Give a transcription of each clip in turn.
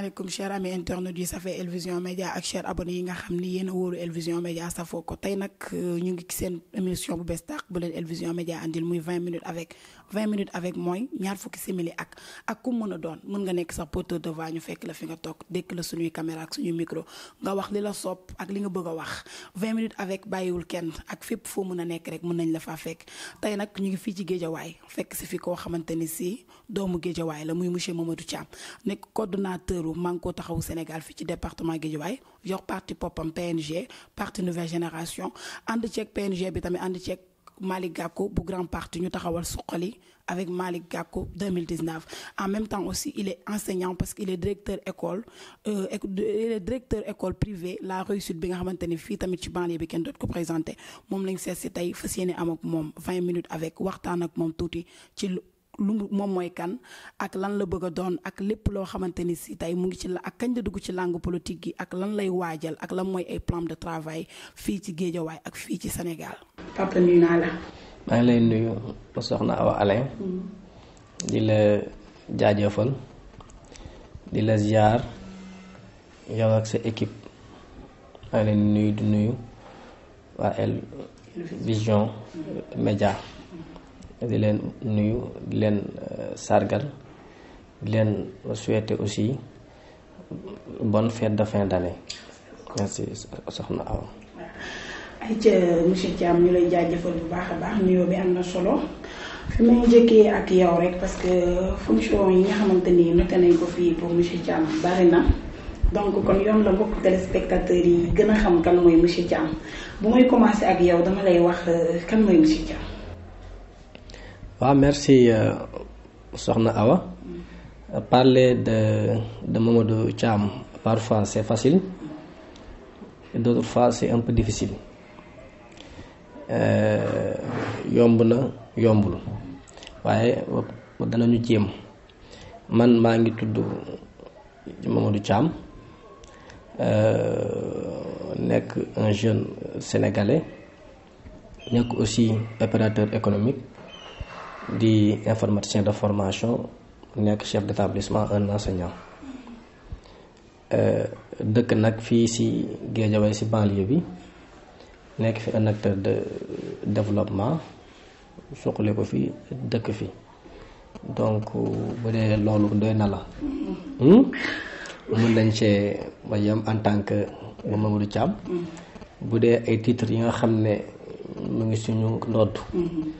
asalaamaaleykum cher ami internet yi safee elvision Média ak cher abonné yi nga xam ni yéen a wóoru El Média safoo ko tey nag euh, ñu ngi seen émission bu bees tàq bu leen elvision Vision Média andil muy 20 minutes avec 20 minutes avec moi, ñaar fukki simili ak ak ku mëna doon mën nga nekk sax poteau devant ñu fekk la fi nga tok, dékk la suñu caméra ak suñu micro nga wax li la sopp ak li nga bëgg wax 20 minutes avec bàyyiwul kenn ak fep fo mëna nek rek mën nañ la fa fekk Tay nak ñu ngi fi ci Géejawaay fekk ci fi ko xamanteni ni si doomu Géejawaay la muy monsieur Mamadou Thiam Nek coordonnateur u Manko taxaw Sénégal fi ci département Géejawaay yor parti POPAM PNG parti nouvelle génération ànd ci PNG bi tamit ànd ci Malik Gako pour Grand Parti ñu taxawal suqali avec Malik Gako, 2019 en même temps aussi il est enseignant parce qu'il est directeur école euh, il est directeur école privée la réussite bi nga xamante fi a tamit ci banlieue bi ken Je ko présenté mom lañ seet tay am ak 20 minutes avec waxtan ak lu mu moom mooy kan ak lan la bëgg a doon ak lépp loo xamante ni si tey mu ngi ci la ak kañ la dugg ci langue politique gi ak lan lay waajal ak lan mooy ay plan de travail fii ci Géejawaay ak fii ci Sénégal. papa maa ngi lay nuyu soxna aw Alain. Mm-hmm. di la jaajëfal. di la ziar. yow ak sa équipe. maa ngi lay nuyu di nuyu waa El Vision Média. di len nuyu di len eh, sargal di len souhaiter aussi bonne fête de fin d'année merci soxna aw ay ci monsieur tiam ñu lay jajeufal bu baaxa baax nuyu bi amna solo fi may njëkkee ak yow rek parce que fonction yi nga xamanteni ni noté nañ ko fi pour monsieur tiam bari na donc kon yoon la mbokk téléspectateurs yi gëna xam kan moy monsieur tiam bu may commencer ak yow dama lay wax euh, kan moy monsieur tiam merci euh, soxna Awa parler de de Mamadou Cham, parfois c'est facile et d'autres fois c'est un peu difficile euh, yomb na yombul waaye danañu jéem man maa ngi tudd Mamadou Thiam euh, nekk un jeune sénégalais nekk aussi opérateur économique di information de formation nekk chef d'établissement un enseignant euh, dëkk nag fii si Guédiawaye si banlieue bi nekk fi un acteur de développement suqali ko fi dëkk fi donc bu dee loolu doy na la hmm? mun nañ ba yam en tant que Mamadou Thiam hmm. bu dee ay titres yi nga xam ne mu ngi suñu ndodd hmm.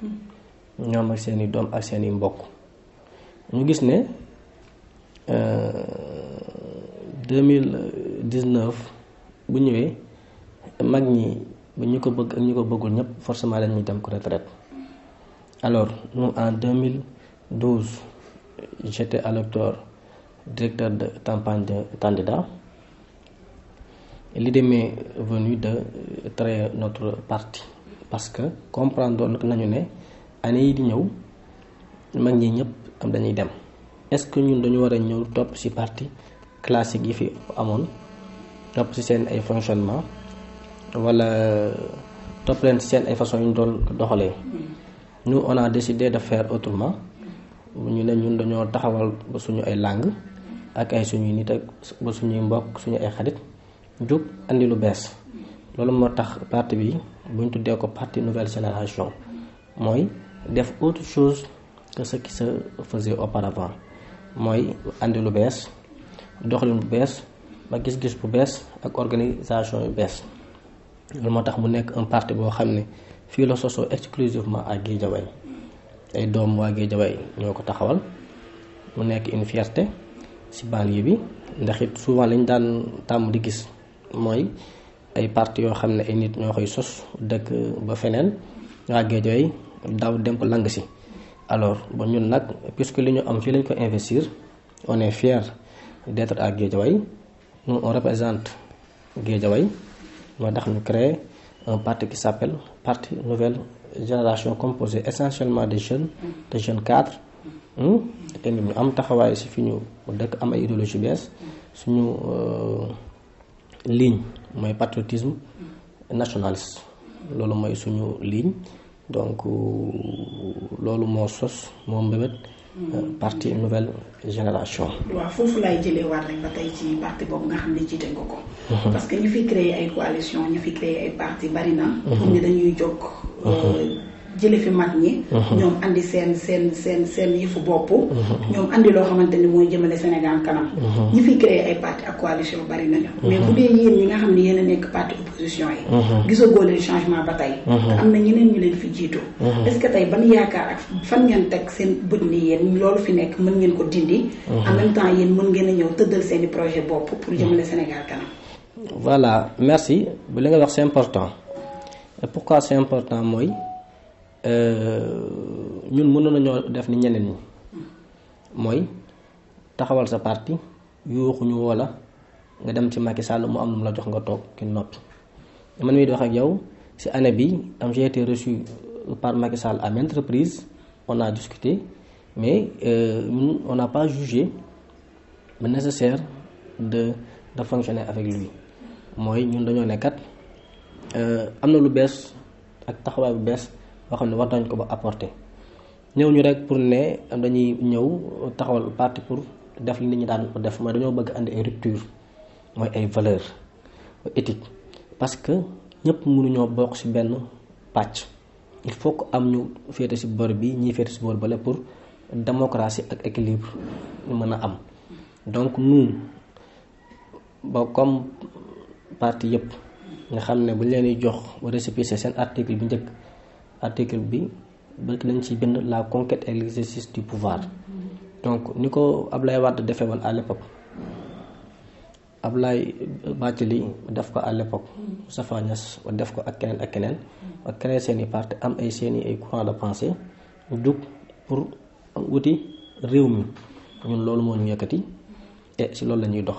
Nous ak seeni doom 2019 euh, bu bu forcément alors nous en 2012 j'étais à l'octobre directeur de campagne de candidat l'idée m'est venue de euh, créer notre parti parce que comprendre nañu né ané yi di ñëw mag ñi ñëpp am dañuy dem est ce que ñun dañu wara a ñëw topp ci parti classique yi fi amoon top ci sen ay fonctionnement wala top len ci sen ay façon yu doon doxalee nous on a décidé de faire autrement ñu né ñun dañu taxawal ba suñu ay langue ak ay suñu nit ak ba suñu mbokk suñu ay xarit juk andi lu bess lolu motax parti bi buñ ñu tuddee ko parti nouvelle génération mooy def autre chose que ce qui se faisait auparavant mooy andi lu bees doxalin bu bees ba gis-gis bu bees ak organisation yu bees loolu moo tax mu nekk un parti boo xam ne fii la sosoo exclusivement à Guédiawaye ay doom waa Guédiawaye ñoo ko taxawal mu nekk une fierté ci banlieue bi ndax it souvent lañ daan tàmm di gis mooy ay parti yoo xam ne ay nit ñoo koy sos dëkk ba feneen waa Guédiawaye daw dem ko lang alors ba ñun nag puisque li ñu am fii lañ ko investir on est fier d'être à Guédiawaye nous on représente Guédiawaye moo tax ñu créer un parti qui s'appelle parti nouvelle génération composé essentiellement de jeunes de jeunes cadres hmm, te nous ñu am taxawaay si fi ñu dëkk am ay idéologie bees suñu euh, ligne mooy patriotisme nationaliste loolu mooy suñu ligne donc euh, loolu moo sos moo mbébét euh, mm. parti nouvelle génération. waaw foofu laay jëlee waat rek ba tey ci parti boobu nga xam ne jiite nga ko. Mm-hmm. parce que ñu fi créé ay coalition ñu fi créé ay parti bari na. ñu mm-hmm. dañuy jokk. jële fi mag ñi mhm. ñoom andi sen sen sen sen yifu bop mhm. ñom andi lo xamanteni moy jëmele Sénégal kanam mhm. ñi fi créé ay parti ak coalition bari nañu mais bu dé yeen ñi nga xamni ne nek parti opposition yi gisagoo leen changement ba tey am na ñeneen ñu leen fi jitu est-ce que tay ban yaakaar ak fan ngeen tek sen bët ni yeen loolu fi nek mën ngeen ko dindi en même temps yéen mën ngeen a ñëw tëddal seen projet bop pour jëmele Sénégal kanam voilà merci bu li nga wax c'est important pourquoi c'est important moy nous avons fait def ni ñeneen ñi parti wala nga dem ci Sall mu am la jox nga ki man j'ai été reçu par Macky Sall à maintes reprises on a discuté mais euh, on n'a pas jugé nécessaire de fonctionner avec lui Nous ñun fait nekkat euh amna lu ak loo xam ne war nañ ko ba apporter ñëw ñu rek pour ne dañuy ñëw taxawal parti pour def li nit ñi daan ko def mooy dañoo bëgg andi ay rupture mooy ay valeur éthique parce que ñëpp mënu ñoo bokk ci benn pàcc il faut que am ñu féete ci bor bi ñiy féete ci bor bale pour démocratie ak équilibre mën a am donc nun ba comme parti yëpp nga xam ne bu leen di jox récépissé seen article bi njëkk article bi bët nañ ci bind la conquête et l'exercice du pouvoir donc ni ko Ablaye Wade defee woon à lay Ablaye li def ko à l'époque Moustapha Niasse def ko ak keneen ak keneen ak créé seen i am ay seen ay courant de pensée dug pour wuti réew mi ñun loolu moo ñu yëkkati te si loolu lañuy dox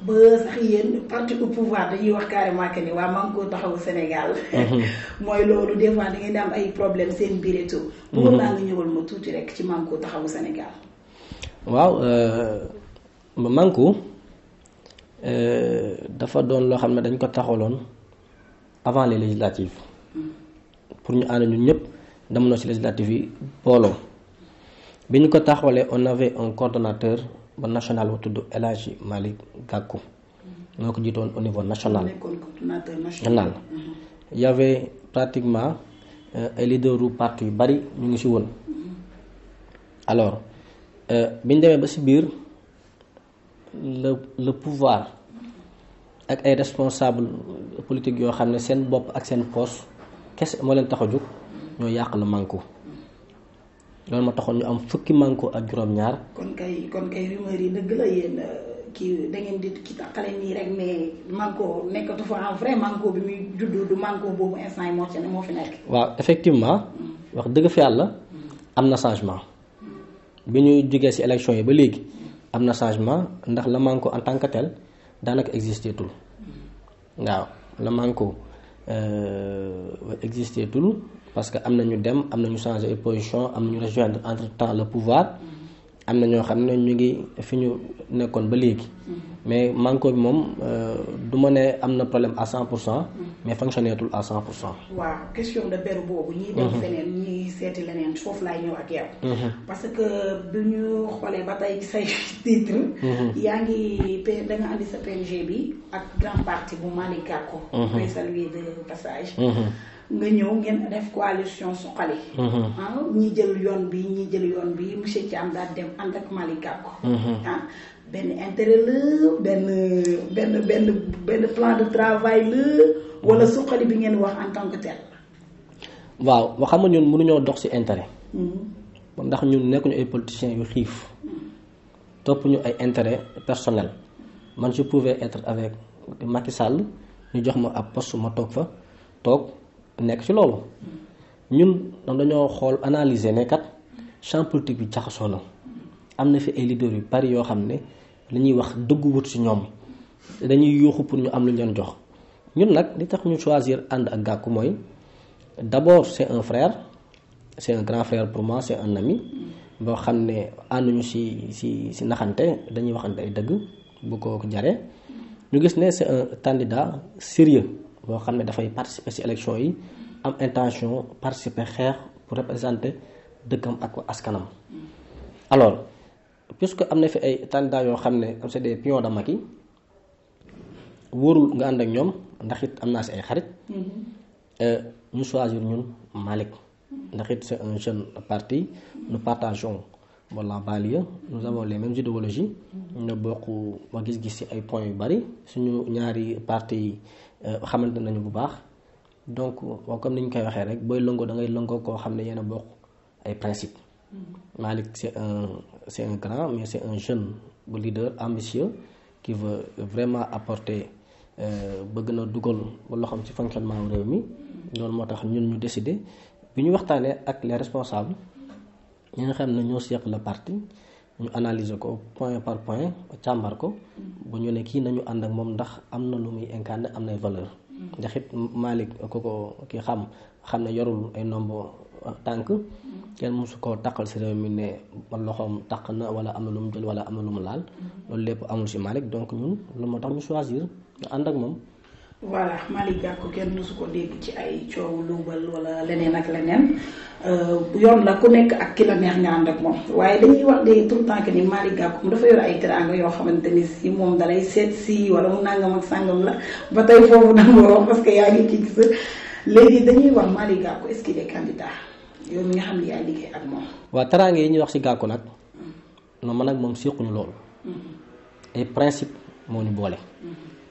ba sax yéen parti au pouvoir dañuy wax carrément que Manko Taxawu Sénégal. Mhm. mooy loolu des fois problème tout. Mhm. ma rek Sénégal. Euh, Manko euh, dafa doon avant les législatives. Mhm. pour ñu ànd ñun ñëpp législatives yi on avait un coordonnateur ba national ba tudd El malik Malick Gakou moo au niveau national national mhm. y avait pratiquement euh, ay du parti bari ñu ngi ci woon mhm. alors euh, biñ demee ba ci bir le le pouvoir ak ay responsable politique yo xamné sen bop ak sen poste kese moo leen tax a jóg ñoo yàq la manko loolu ma taxoon ñu am fukki manko ak juróom ñaar kon kay kon kay rumeur yi dëgg la yeen euh, ki da ngeen di ki takale ni rek mais manko nekatu fa en vrai manko bi muy juddu du manko bobu instant mo ci mo fi nek wa effectivement mm. wax dëgg fi yalla amna changement mm. bi ñuy si élection yi ba légui amna changement ndax la manko en tant que tel daanaka existé tul mm. waaw la manko euh, existé tul parce que amna ñu dem amna ñu changer position amna ñu rejoindre entre temps le pouvoir amna na ñoo xam ñu ngi fi ñu nekkoon ba légui mm-hmm. mais manko bi mom euh, du ma ne problème à 100 mm-hmm. mais fonctionné à 100 waaw question de beru bobu ñi dem mm-hmm. feneen ñi séti lenen fofu lay ñëw ak yow. parce que du ñu xoolee ba tey say titre. yaa ngi da nga andi sa PNG bi ak grand parti bu Malick Gakou. koy saluer de passage. nga ñëw ngeen def coalition suqali. Mm-hmm. ah ñi jël yoon bi ñi jël yoon bi monsieur Thiam daal dem ànd ak Malick Gakou. Mm-hmm. ah benn intérêt la benn benn benn benn plan de travail la wala mm-hmm. suqali bi ngeen wax en tant que waaw wax xam nga ñun mënuñoo dox ci intérêt. ndax ñun nekkuñu ay politiciens yu xiif. topp ñu ay intérêt personnel man je pouvais être avec Macky ñu jox ma ab post ma toog fa toog. nekk ci loolu ñun dañoo xool analyser ne kat bi jaxasoo na am na fi ay leaders yu bari yoo xam ne li ñuy wax dëggu wut ci ñoom dañuy yuuxu pour ñu am lu ñu leen jox ñun nag li tax ñu choisir ànd ak gàkku mooy d'abord c'est un frère c'est un grand frère pour moi c'est un nami boo xam ne ànduñu ci ci ci naxante dañuy waxante ay dëgg bu ko jaree ñu gis ne c'est un candidat sérieux boo xam ne dafay participer ci élection yi am intention participer xeex pour représenter dëkkam ak askanam. alors puisque am na fi ay candidats yoo xam ne am c'est des pions de Macky wóorul nga ànd ak ñoom ndax it am naa ci ay xarit. Mm-hmm. Euh, ñu choisir ñun Malick. Mm-hmm. ndax it c'est un jeune parti nous partageons wala banlieue nous avons les mêmes idéologies. Mm-hmm. ñu bokk ma gis-gis ci ay points yu bari suñu ñaari parti yi euh, xamante nañu bu baax donc comme niñ koy waxee rek booy lëngoo da ngay lëngoo koo xam ne yéen a bokk ay principe mm-hmm. Malick c'est un c'est un grand mais c'est un jeune bu leader ambitieux qui veut vraiment apporter euh, bëgg na dugal loo xam ci fonctionnement réew mi mm-hmm. loolu moo tax ñun ñu décider bi ñu waxtaanee ak les responsables ñi nga xam ne ñoo seq la parti ñu analyser ko point par point càmbar ko bu ñu ne kii nañu ànd ak moom ndax am na lu muy incarné am na valeur ndax it Malick ku ko ki xam xam ne yorul ay nombo ah, tànk kenn mosu koo taqal si réew mi ne loxoom taq na wala am na lu mu jël wala am na lu mu laal loolu lépp amul si Malick donc ñun lu moo tax ñu choisir ñu ànd ak moom voilà Malick Gakou kenn mosu ko dégg ci ay coowu luubal wala leneen ak leneen euh, yoon la ku nekk ak ki la neex nga ànd ak moom waaye dañuy wax de tout temps que ni Malick Gakou dafa yor ay teraanga yoo xamante ni si moom dalay seet si wala mu nangam ak sàngam la ba tey foofu nangoo wax parce que yaa ngi ci gis léegi dañuy wax Malick Gakou est-ce qu'il est candidat yow mi nga xam ne yaa liggéey ak moom. waaw teraanga yi ñuy wax si Gakou nag. Mm. non man ak moom séquñu loolu. ay mm-hmm. principe moo ñu boole. Mm-hmm.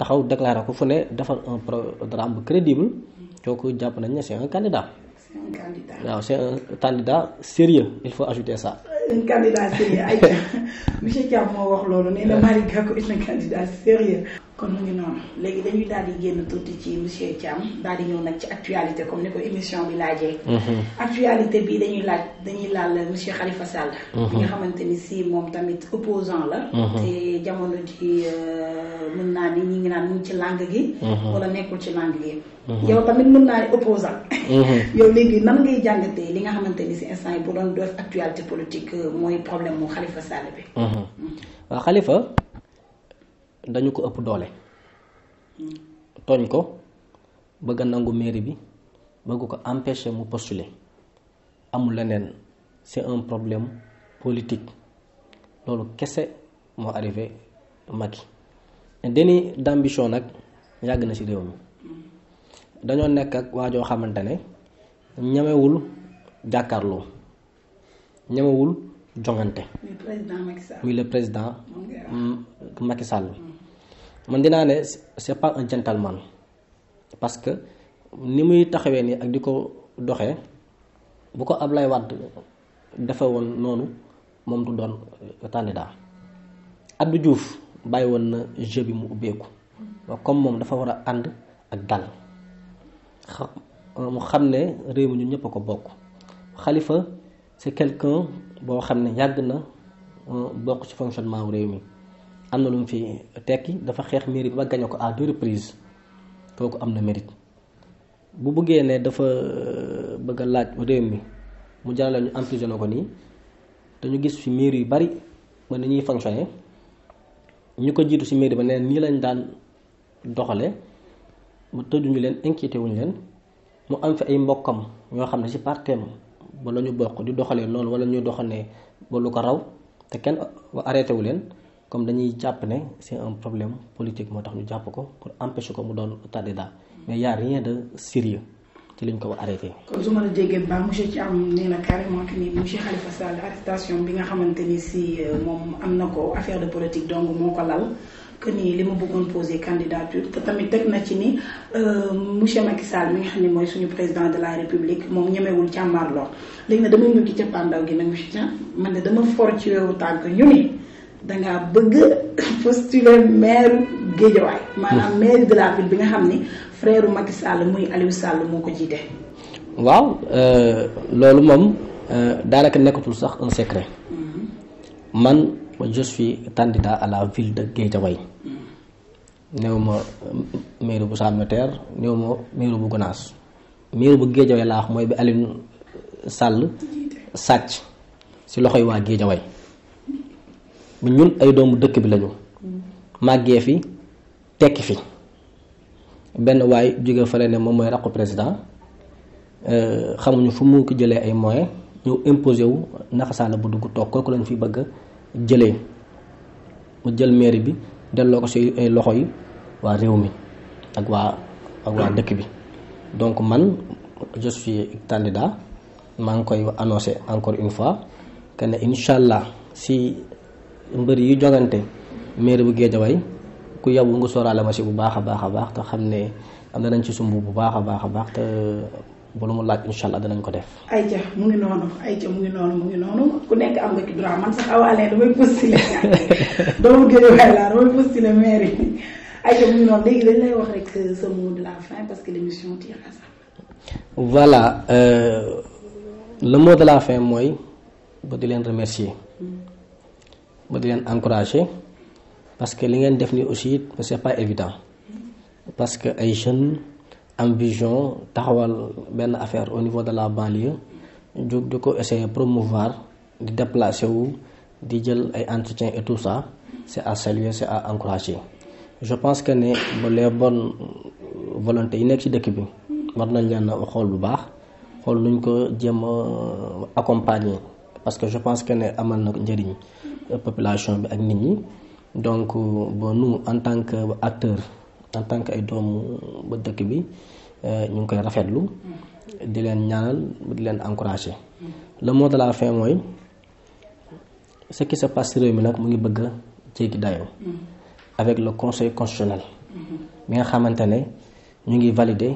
taxaw déclarer ko fu ne defal un programme crédible kooku jàpp nañ ne c' est un candidat. un candidat waaw c' est un candidat sérieux il faut ajouter ça. un candidat sérieux ayca monsieur Thiam moo wax loolu nee na Malick Gakou est un candidat sérieux kon mu ngi noonu léegi dañuy daal di génn tuuti ci monsieur Thiam daal di ñëw nag ci actualité comme ni ko émission bi laajee. Mhm. actualité bi dañuy laaj dañuy laal monsieur Khalifa Sall. bi mhm. nga xamante ni si moom tamit opposant la. Mhm. te jamono ji euh, mën naa ni ñi ngi naan mu ci langue gi. wala nekkul ci langue gi. yow tamit mën naa ni opposant yow léegi nan ngay jàngatee li nga xamante ni si instant yi bu doon def actualité politique euh, mooy problème mu Khalifa Sall bi. waaw Khalifa. dañu ko ëpp doole tooñ ko bëgg a nangu mairie bi bëgg ko empêcher mu postuler amul leneen c'est un problème politique loolu kese moo arrivé Macky déni d'ambition nag yàgg na ci réew mi dañoo nekk ak waa joo xamante ne ñemewul jàkkaarloo ñamewul jongante muy le président Macky Sall man dinaa ne c'est pas un gentleman parce que ni muy taxawee nii ak di ko doxee bu ko Ablaye Wade defe woon noonu moom du doon candidat Abdou Diouf bàyyi woon na jeu bi mu ubbeeku comme moom dafa war a ànd ak dal mu xam ne réew mi ñun ñëpp a ko bokk xalifa c'est quelqu'un boo xam ne yàgg na euh, bokk ci fonctionnement réew mi am na lu mu fi tekki dafa xeex mairie ba gañe ko à deux reprises kooku am na mérite bu bëggee ne dafa euh, bëgg laaj réew mi mu jarale ñu emprisonné ko nii dañu gis fi mairie yu bari mën na ñuy fonctionné ñu ko jiitu si mairie ba neen nii lañ daan doxale mu tëjuñu leen inquiété wuñu leen mu am fi ay mbokkam ñoo xam ne si parteem ba la bokk di doxalee noonu wala ñuy doxalee ba lu ko raw te kenn arrêté wu leen comme dañuy jàpp ne c'est un problème politique moo tax ñu jàpp ko pour empêcher ko mu doon candidat mais y a rien de sérieux ci liñ ko war arrêté. kon su ma la déggee ba monsieur ci nee na carrément que ni monsieur Khalifa bi nga xamante ni si euh, moom am na ko affaire de politique donc moo ko lal que ni li ma bëggoon posé candidature te tamit teg na ci ni euh, monsieur Macky Sall mi nga xam ne mooy suñu président de la république moom ñemewul càmmaarloo léegi nag damay ñëw ci cappaandaw gi man de dama for ci weewu tànk ñu dangaa bëgg postuler maire Guédiawaye hmm. maanaam maire de la ville bi nga xam ne frère Macky Sall muy Aliou Sall moo ko jiite. waaw euh, loolu moom euh, daanaka nekkatul sax un secret hmm. man je suis candidat à la ville de Guédiawaye hmm. néew ma euh, maire bu Sam Notaire néew ma maire bu Gonaas maire bu Guédiawaye laa wax mooy bi Aliou Sall sàcc si loxoy waa Guédiawaye ñun ay doomu dëkk bi lañu màggee fi tekki fi benn waay jóge ne mooy raqu président euh, xamuñu fu mu ko jëlee ay moyens ñëw imposé wu naxasaala bu dugg toog kooku lañ fi bëgg mu jël bi ko ay donc man je suis candidat koy annoncé encore une fois que ne si mbër yi jogante maire bu Géejawaay ku yow nga sóoraale ma bu baax a baax a baax te xam ne am nañ ci sumb bu baax a baax a baax te bu lu mu laaj incha allah danañ ko def. ayca mu mu ngi noonu mu ngi ku nekk am nga ci mu ngi noonu léegi dañ lay wax rek sa mot la fin parce que l'émission tire à voilà euh, le la fin mooy ba di leen remercier. Je di encourager parce que li ngeen def ni aussi c'est pas évident parce que les jeunes une vision taxawal benn affaire au niveau de la banlieue jóg di ko essayer promouvoir di déplacer wu di jël ay entretiens et tout ça c'est à saluer c'est à encourager je pense que ne les bonnes volontés yi nekk ci dëkk bi war nañ leen xool bu baax xool nuñ ko accompagner parce que je pense que ne amal na euh, population bi ak nit ñi donc euh, bon nous en tant que acteur en tant que ay doomu ba dëkk bi euh, ñu koy rafetlu di leen ñaanal di leen encourager le mot de la fin mooy ce qui se passe réew mi nag mu ngi bëgg a jéggi dayo avec le conseil constitutionnel mm-hmm. mi nga xamante ne ñu ngi valider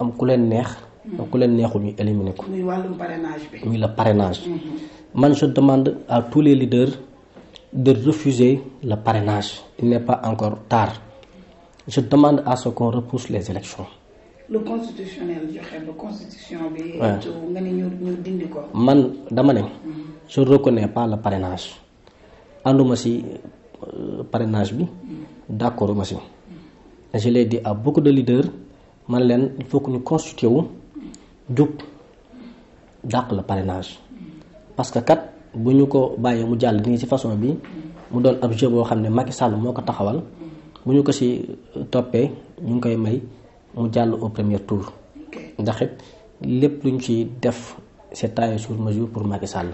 am ku leen neex donc ku leen neexul ñu éliminer ko. muy wàllum parrainage bi. muy parrainage. Mm-hmm. man je demande à tous les leaders de refuser le parrainage. il n'est pas encore tard. je demande à ce qu'on repousse les élections. Le constitutionnel joxe le constitution bi. nga ne ñu ñu dindi ko. man dama ne. Mm-hmm. je reconnais pas le parrainage. anduma si euh, parrainage bi. Mm-hmm. d'accord ma si. je l'ai dit à beaucoup de leaders man leen il faut que nous constituions jug le le parrainage parce que kat on ko baye mu jall ni ci façon bi mu don ab jeu boo xam Macky Sall moko taxawal buñu ko ci euh, topé ñu may mu jall au premier tour ndax it lépp lu ci def c'est sur mesure pour Macky Sall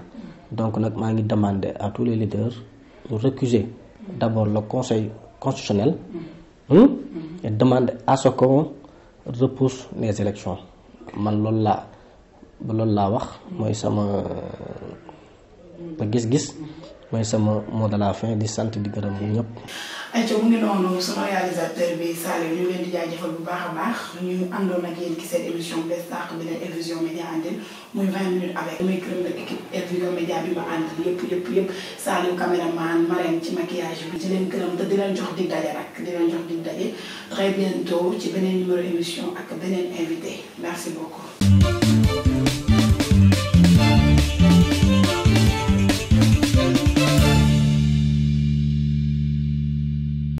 donc nak ma ngi demander à tous les leaders de recuser d'abord le conseil constitutionnel mm. Hmm, mm. et demander à ce qu'on repousse les élections man loolu laa ba loolu laa wax mooy sama ba gis-gis moy sama mot de la fin di sante di gërëm ñun ñëpp. ayca mu ngi nonu sama réalisateur bi Saliou ñu ngi leen di jaajëfal bu baax a baax ñu àndoon ak yéen ci cette émission Bes Tàq bi leen évision média Médias àndil muy 20 minutes avec. damay gërëm nag équipe El média bi ma ànd yëpp yëpp yëpp Saliou caméraman Marème ci maquillage bi. di leen gërëm te di leen jox di daje nag di leen jox di daje très bientôt ci beneen numéro émission ak beneen invité merci beaucoup.